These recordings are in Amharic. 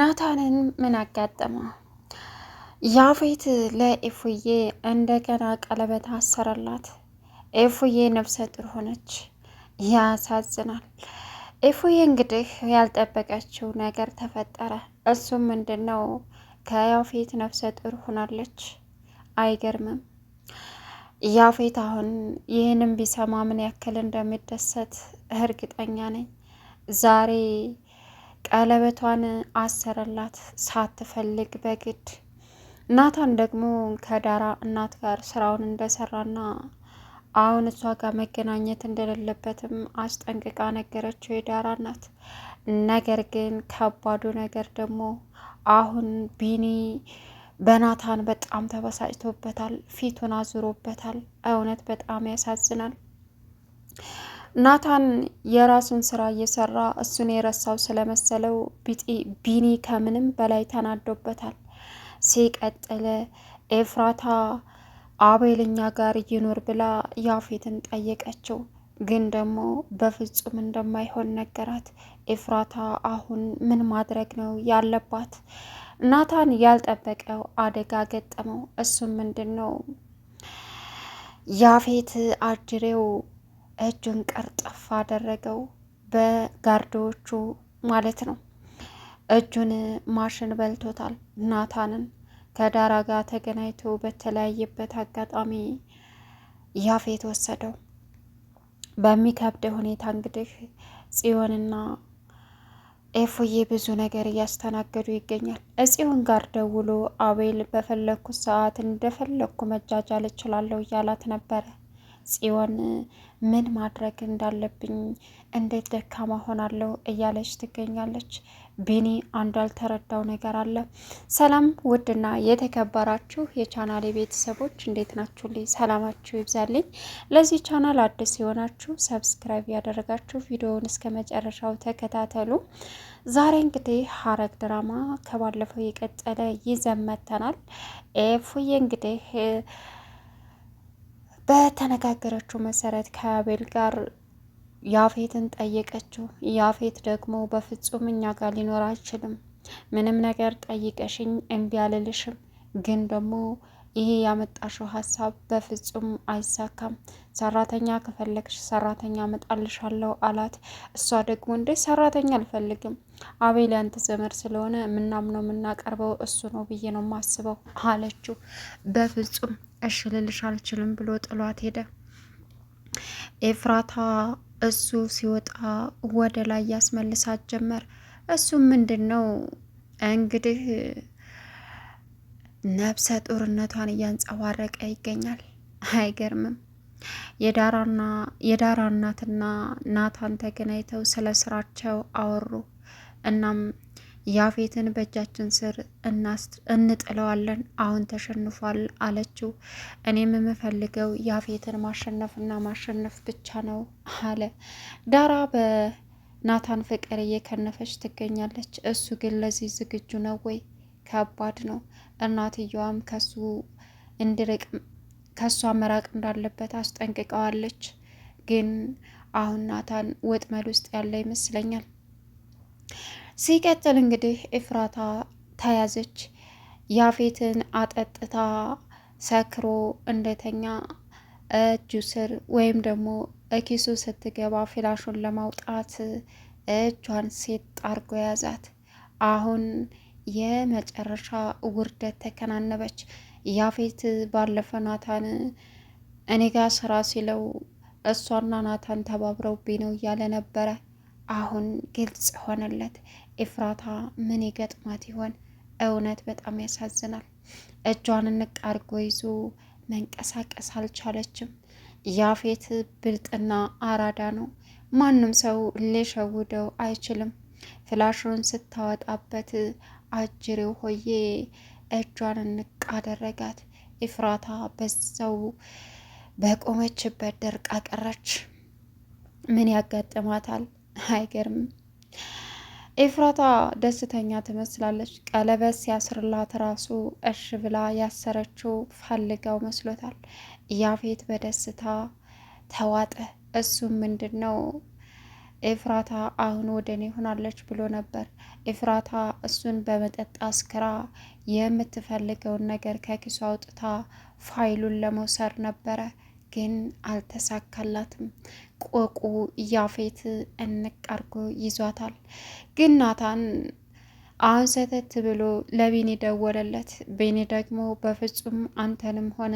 ናታንን ምን አጋጠመ? ያፌት ለኢፉዬ እንደገና ቀለበት አሰረላት። ኢፉዬ ነፍሰ ጡር ሆነች። ያሳዝናል። ኤፉዬ እንግዲህ ያልጠበቀችው ነገር ተፈጠረ። እሱም ምንድን ነው? ከያፌት ነፍሰ ጡር ሆናለች። አይገርምም። ያፌት አሁን ይህንም ቢሰማ ምን ያክል እንደሚደሰት እርግጠኛ ነኝ ዛሬ ቀለበቷን አሰረላት ሳትፈልግ በግድ። ናታን ደግሞ ከዳራ እናት ጋር ስራውን እንደሰራና አሁን እሷ ጋር መገናኘት እንደሌለበትም አስጠንቅቃ ነገረችው የዳራ እናት። ነገር ግን ከባዱ ነገር ደግሞ አሁን ቢኒ በናታን በጣም ተበሳጭቶበታል፣ ፊቱን አዙሮበታል። እውነት በጣም ያሳዝናል። ናታን የራሱን ስራ እየሰራ እሱን የረሳው ስለመሰለው ቢኒ ከምንም በላይ ተናዶበታል። ሲቀጥል ኤፍራታ አቤልኛ ጋር ይኖር ብላ ያፌትን ጠየቀችው፣ ግን ደግሞ በፍጹም እንደማይሆን ነገራት። ኤፍራታ አሁን ምን ማድረግ ነው ያለባት? ናታን ያልጠበቀው አደጋ ገጠመው። እሱም ምንድን ነው ያፌት አጅሬው እጁን ቀርጠፋ አደረገው በጋርዶዎቹ ማለት ነው። እጁን ማሽን በልቶታል። ናታንን ከዳራ ጋር ተገናኝቶ በተለያየበት አጋጣሚ ያፌት ወሰደው። በሚከብደ ሁኔታ እንግዲህ ጽዮንና ኤፎዬ ብዙ ነገር እያስተናገዱ ይገኛል። እጽዮን ጋር ደውሎ አቤል በፈለግኩት ሰዓት እንደፈለግኩ መጃጃል እችላለሁ እያላት ነበረ ጽዮን ምን ማድረግ እንዳለብኝ እንዴት ደካማ ሆናለሁ እያለች ትገኛለች። ቢኒ አንዱ ያልተረዳው ነገር አለ። ሰላም ውድና የተከበራችሁ የቻናሌ ቤተሰቦች እንዴት ልይ ሰላማችሁ ይብዛልኝ። ለዚህ ቻናል አዲስ የሆናችሁ ሰብስክራይብ ያደረጋችሁ ቪዲዮውን እስከ መጨረሻው ተከታተሉ። ዛሬ እንግዲህ ሐረግ ድራማ ከባለፈው የቀጠለ ይዘመተናል። ኤፉዬ እንግዲህ በተነጋገረችው መሰረት ከአቤል ጋር ያፌትን ጠየቀችው። ያፌት ደግሞ በፍጹም እኛ ጋር ሊኖር አይችልም፣ ምንም ነገር ጠይቀሽኝ እምቢ አልልሽም፣ ግን ደግሞ ይሄ ያመጣሽው ሀሳብ በፍጹም አይሳካም። ሰራተኛ ከፈለግሽ ሰራተኛ አመጣልሻለሁ አላት። እሷ ደግሞ እንዴ ሰራተኛ አልፈልግም አቤል ያንተ ዘመድ ስለሆነ የምናምነው የምናቀርበው እሱ ነው ብዬ ነው የማስበው አለችው። በፍጹም እሽልልሽ ልልሽ አልችልም ብሎ ጥሏት ሄደ። ኤፍራታ እሱ ሲወጣ ወደ ላይ ያስመልሳት ጀመር። እሱ ምንድን ነው እንግዲህ ነብሰ ጡርነቷን እያንጸባረቀ ይገኛል። አይገርምም? የዳራና የዳራ እናትና ናታን ተገናኝተው ስለ ስራቸው አወሩ። እናም ያፌትን በእጃችን ስር እንጥለዋለን፣ አሁን ተሸንፏል አለችው። እኔም የምፈልገው ያፌትን ማሸነፍና ማሸነፍ ብቻ ነው አለ ዳራ። በናታን ፍቅር እየከነፈች ትገኛለች። እሱ ግን ለዚህ ዝግጁ ነው ወይ? ከባድ ነው። እናትየዋም ከሱ እንድርቅ ከእሷ መራቅ እንዳለበት አስጠንቅቀዋለች። ግን አሁን ናታን ወጥመድ ውስጥ ያለ ይመስለኛል። ሲቀጥል እንግዲህ እፍራታ ተያዘች። ያፌትን አጠጥታ ሰክሮ እንደተኛ እጁ ስር ወይም ደግሞ ኪሱ ስትገባ ፍላሹን ለማውጣት እጇን ሴት አርጎ ያዛት። አሁን የመጨረሻ ውርደት ተከናነበች። ያፌት ባለፈ ናታን እኔ ጋ ስራ ሲለው እሷና ናታን ተባብረው ነው እያለ ነበረ። አሁን ግልጽ ሆነለት። ኤፍራታ ምን ይገጥማት ይሆን? እውነት በጣም ያሳዝናል። እጇን ንቅ አርጎ ይዞ መንቀሳቀስ አልቻለችም። ያፌት ብልጥና አራዳ ነው። ማንም ሰው ሊሸውደው አይችልም። ፍላሹን ስታወጣበት አጅሬው ሆዬ እጇን ንቅ አደረጋት። ኤፍራታ በዛው በቆመችበት ደርቅ አቀረች። ምን ያጋጥማታል? አይገርምም። ኤፍራታ ደስተኛ ትመስላለች። ቀለበት ሲያስርላት ራሱ እሽ ብላ ያሰረችው ፈልገው መስሎታል። ያፌት በደስታ ተዋጠ። እሱም ምንድን ነው ኤፍራታ አሁን ወደ እኔ ሆናለች ብሎ ነበር። ኤፍራታ እሱን በመጠጥ አስክራ የምትፈልገውን ነገር ከኪሱ አውጥታ ፋይሉን ለመውሰድ ነበረ። ግን አልተሳካላትም። ቆቁ ያፌት እንቅ አርጎ ይዟታል። ግን ናታን አሁን ሰተት ብሎ ለቢኒ ደወለለት። ቢኒ ደግሞ በፍጹም አንተንም ሆነ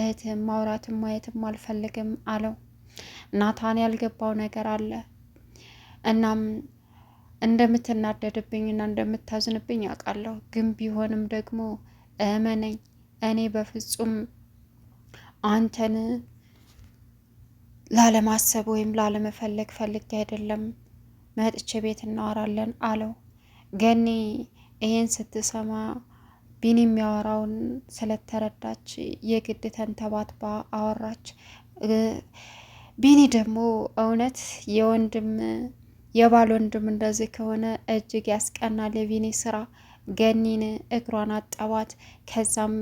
እህትም ማውራትም ማየትም አልፈልግም አለው። ናታን ያልገባው ነገር አለ። እናም እንደምትናደድብኝና እንደምታዝንብኝ አውቃለሁ። ግን ቢሆንም ደግሞ እመነኝ እኔ በፍጹም አንተን ላለማሰብ ወይም ላለመፈለግ ፈልጌ አይደለም፣ መጥቼ ቤት እናወራለን አለው። ገኒ ይህን ስትሰማ ቢኒ የሚያወራውን ስለተረዳች የግድ ተንተባትባ አወራች። ቢኒ ደግሞ እውነት የወንድም የባል ወንድም እንደዚህ ከሆነ እጅግ ያስቀናል። የቢኒ ስራ ገኒን እግሯን አጠባት። ከዛም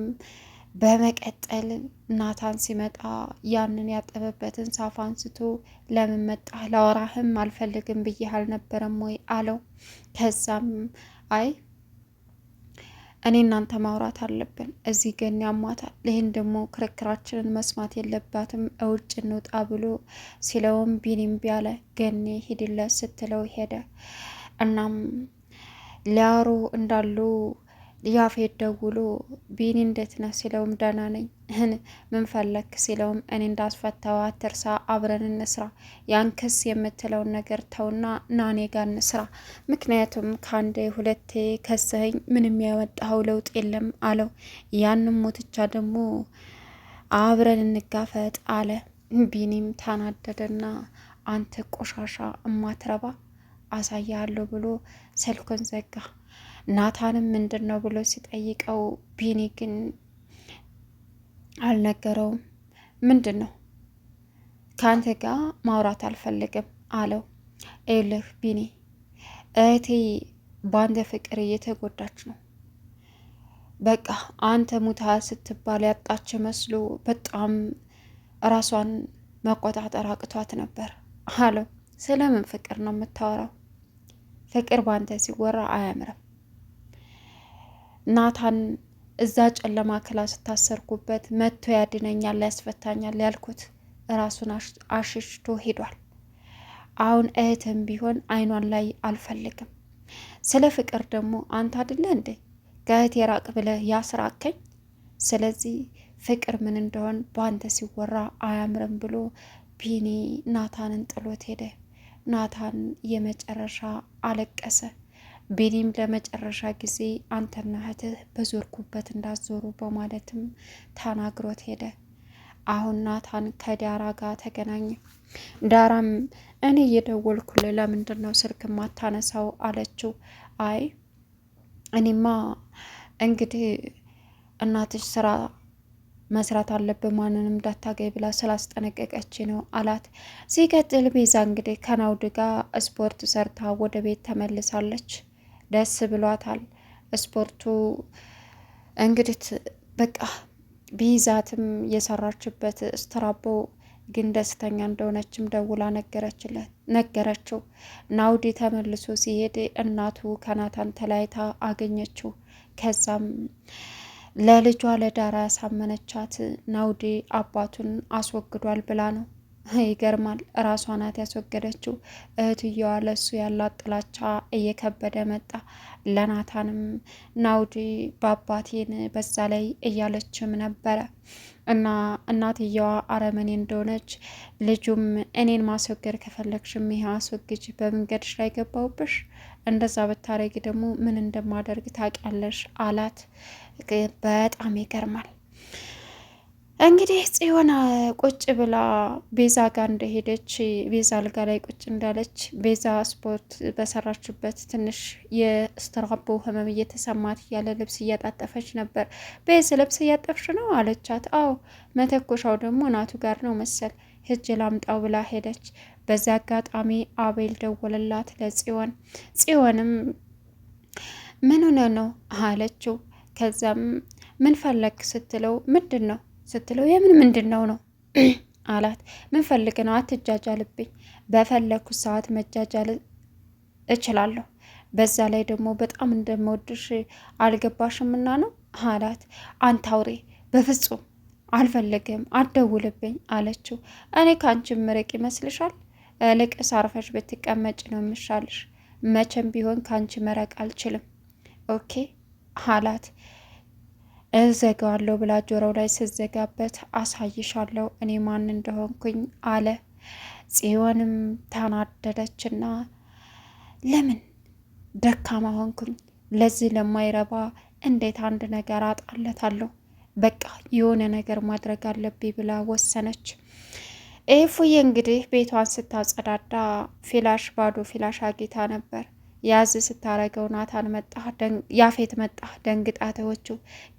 በመቀጠል ናታን ሲመጣ ያንን ያጠበበትን ሳፋ አንስቶ ለምን መጣህ? ላወራህም አልፈልግም ብዬህ አልነበረም ወይ አለው። ከዛም አይ እኔ እናንተ ማውራት አለብን፣ እዚህ ገን ያሟታል፣ ይህን ደግሞ ክርክራችንን መስማት የለባትም፣ እውጭ እንውጣ ብሎ ሲለውም ቢኒም ቢያለ ገኔ ሂድለት ስትለው ሄደ። እናም ሊያሩ እንዳሉ ያፌት ደውሎ ቢኒ እንዴት ነህ ሲለውም ደህና ነኝ፣ ምን ፈለክ ሲለውም እኔ እንዳስፈታው አትርሳ፣ አብረን እንስራ። ያን ክስ የምትለውን ነገር ተውና ናኔ ጋር እንስራ። ምክንያቱም ከአንዴ ሁለቴ ከስህኝ ምንም ያወጣኸው ለውጥ የለም አለው። ያንም ሞትቻ ደግሞ አብረን እንጋፈጥ አለ። ቢኒም ታናደደና አንተ ቆሻሻ እማትረባ አሳያለሁ ብሎ ስልኩን ዘጋ። ናታንም ምንድን ነው ብሎ ሲጠይቀው ቢኒ ግን አልነገረውም። ምንድን ነው ከአንተ ጋር ማውራት አልፈልግም አለው። ይኸውልህ ቢኒ እህቴ በአንተ ፍቅር እየተጎዳች ነው። በቃ አንተ ሙታ ስትባል ያጣች መስሎ በጣም ራሷን መቆጣጠር አቅቷት ነበር አለው። ስለምን ፍቅር ነው የምታወራው? ፍቅር ባንተ ሲወራ አያምርም። ናታን እዛ ጨለማ ክላ ስታሰርኩበት መጥቶ ያድነኛል፣ ያስፈታኛል ያልኩት ራሱን አሽሽቶ ሄዷል። አሁን እህትም ቢሆን አይኗን ላይ አልፈልግም። ስለ ፍቅር ደግሞ አንተ አደለ እንዴ ከእህት የራቅ ብለ ያስራከኝ። ስለዚህ ፍቅር ምን እንደሆን በአንተ ሲወራ አያምርም ብሎ ቢኒ ናታንን ጥሎት ሄደ። ናታን የመጨረሻ አለቀሰ። ቢኒም ለመጨረሻ ጊዜ አንተና እህትህ በዞርኩበት እንዳትዞሩ በማለትም ተናግሮት ሄደ። አሁን ናታን ከዳራ ጋር ተገናኘ። ዳራም እኔ እየደወልኩል ለምንድን ነው ስልክ ማታነሳው አለችው። አይ እኔማ እንግዲህ እናትሽ ስራ መስራት አለብን ማንንም እንዳታገኝ ብላ ስላስጠነቀቀች ነው አላት። ሲቀጥል ቤዛ እንግዲህ ከናውድ ጋር ስፖርት ሰርታ ወደ ቤት ተመልሳለች። ደስ ብሏታል። ስፖርቱ እንግዲህ በቃ ቢይዛትም የሰራችበት ስትራቦ ግን ደስተኛ እንደሆነችም ደውላ ነገረችው። ናውዲ ተመልሶ ሲሄድ እናቱ ከናታን ተለያይታ አገኘችው። ከዛም ለልጇ ለዳራ ያሳመነቻት ናውዴ አባቱን አስወግዷል ብላ ነው። ይገርማል። እራሷ ናት ያስወገደችው። እህትየዋ ለሱ ያላት ጥላቻ እየከበደ መጣ። ለናታንም ናውዲ በአባቴን በዛ ላይ እያለችም ነበረ እና እናትየዋ አረመኔ እንደሆነች ልጁም እኔን ማስወገድ ከፈለግሽም ይሄ አስወግጅ፣ በመንገድሽ ላይ ገባውብሽ፣ እንደዛ ብታረጊ ደግሞ ምን እንደማደርግ ታውቂያለሽ አላት። በጣም ይገርማል። እንግዲህ ጽዮን ቁጭ ብላ ቤዛ ጋር እንደሄደች ቤዛ አልጋ ላይ ቁጭ እንዳለች ቤዛ ስፖርት በሰራችበት ትንሽ የስትራቦ ህመም እየተሰማት እያለ ልብስ እያጣጠፈች ነበር። ቤዝ ልብስ እያጠፍሽ ነው አለቻት። አዎ መተኮሻው ደግሞ እናቱ ጋር ነው መሰል ህጅ ላምጣው ብላ ሄደች። በዚ አጋጣሚ አቤል ደወለላት ለጽዮን። ጽዮንም ምን ሆነ ነው አለችው። ከዛም ምን ፈለግ ስትለው ምንድን ነው ስትለው የምን ምንድን ነው ነው አላት። ምን ፈልግ ነው? አትጃጃልብኝ። በፈለግኩት ሰዓት መጃጃል እችላለሁ። በዛ ላይ ደግሞ በጣም እንደምወድሽ አልገባሽምና ነው አላት። አንተ አውሬ፣ በፍጹም አልፈለግም፣ አደውልብኝ አለችው። እኔ ከአንቺ ምርቅ ይመስልሻል? ልቅ ሳርፈሽ ብትቀመጭ ነው የምሻልሽ። መቼም ቢሆን ከአንቺ መረቅ አልችልም። ኦኬ አላት። እዘጋዋለሁ ብላ ጆሮው ላይ ስዘጋበት አሳይሻለሁ እኔ ማን እንደሆንኩኝ አለ። ጽዮንም ተናደደችና ለምን ደካማ ሆንኩኝ? ለዚህ ለማይረባ እንዴት አንድ ነገር አጣለታለሁ? በቃ የሆነ ነገር ማድረግ አለብኝ ብላ ወሰነች። ኤፉዬ እንግዲህ ቤቷን ስታጸዳዳ ፊላሽ ባዶ ፊላሽ አጊታ ነበር። ያዝ ስታረገው ናታን መጣ፣ ያፌት መጣ፣ ደንግጣተዎቹ።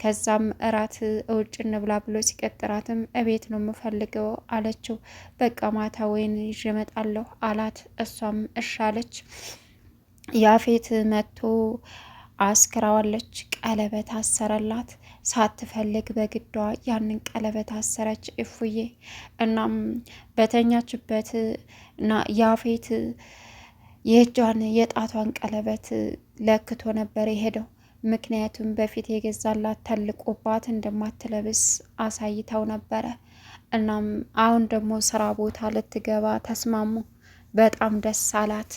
ከዛም እራት እውጭ እንብላ ብሎ ሲቀጥራትም እቤት ነው የምፈልገው አለችው። በቃ ማታ ወይን ይዤ እመጣለሁ አላት። እሷም እሻለች። ያፌት መጥቶ አስክራዋለች። ቀለበት አሰረላት። ሳትፈልግ በግዷ ያንን ቀለበት አሰረች እፉዬ። እናም በተኛችበት ያፌት የእጇን የጣቷን ቀለበት ለክቶ ነበር የሄደው። ምክንያቱም በፊት የገዛላት ተልቆባት እንደማትለብስ አሳይተው ነበረ። እናም አሁን ደግሞ ስራ ቦታ ልትገባ ተስማሙ። በጣም ደስ አላት።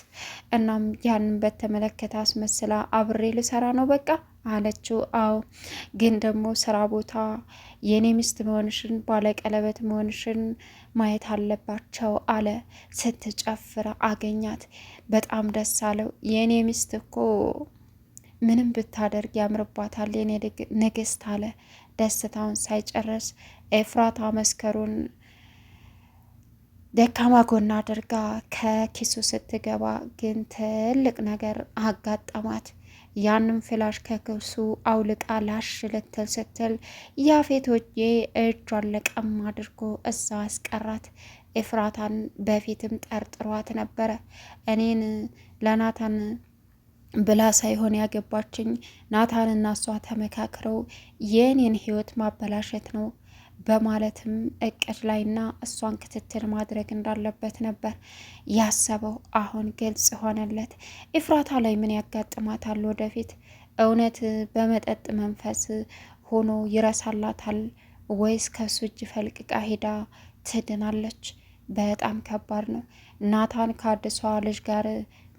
እናም ያንን በተመለከተ አስመስላ አብሬ ልሰራ ነው በቃ አለችው። አዎ ግን ደግሞ ስራ ቦታ የኔ ሚስት መሆንሽን ባለቀለበት መሆንሽን ማየት አለባቸው አለ። ስትጨፍር አገኛት። በጣም ደስ አለው። የእኔ ሚስት እኮ ምንም ብታደርግ ያምርባታል የኔ ንግስት አለ። ደስታውን ሳይጨርስ ኤፍራታ መስከሩን ደካማ ጎና አድርጋ ከኪሱ ስትገባ ግን ትልቅ ነገር አጋጠማት። ያንም ፍላሽ ከክሱ አውልቃ ላሽ ልትል ስትል ያፌት እጇን ለቀም አድርጎ እዛ አስቀራት። ኤፍራታን በፊትም ጠርጥሯት ነበረ። እኔን ለናታን ብላ ሳይሆን ያገባችኝ ናታንና እሷ ተመካክረው የእኔን ህይወት ማበላሸት ነው በማለትም እቅድ ላይና እሷን ክትትል ማድረግ እንዳለበት ነበር ያሰበው። አሁን ግልጽ ሆነለት። ኤፍራታ ላይ ምን ያጋጥማታል ወደፊት? እውነት በመጠጥ መንፈስ ሆኖ ይረሳላታል ወይስ ከሱ እጅ ፈልቅቃ ሄዳ ትድናለች። በጣም ከባድ ነው። ናታን ከአዲሷ ልጅ ጋር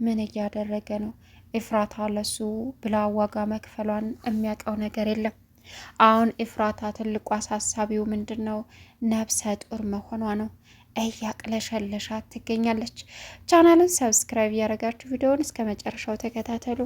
ምን እያደረገ ነው? ኤፍራታ ለሱ ብላ ዋጋ መክፈሏን የሚያውቀው ነገር የለም። አሁን ኤፍራታ ትልቁ አሳሳቢው ምንድን ነው? ነፍሰ ጡር መሆኗ ነው። እያቅለሸለሻት ትገኛለች። ቻናልን ሰብስክራይብ እያደረጋችሁ ቪዲዮውን እስከ መጨረሻው ተከታተሉ።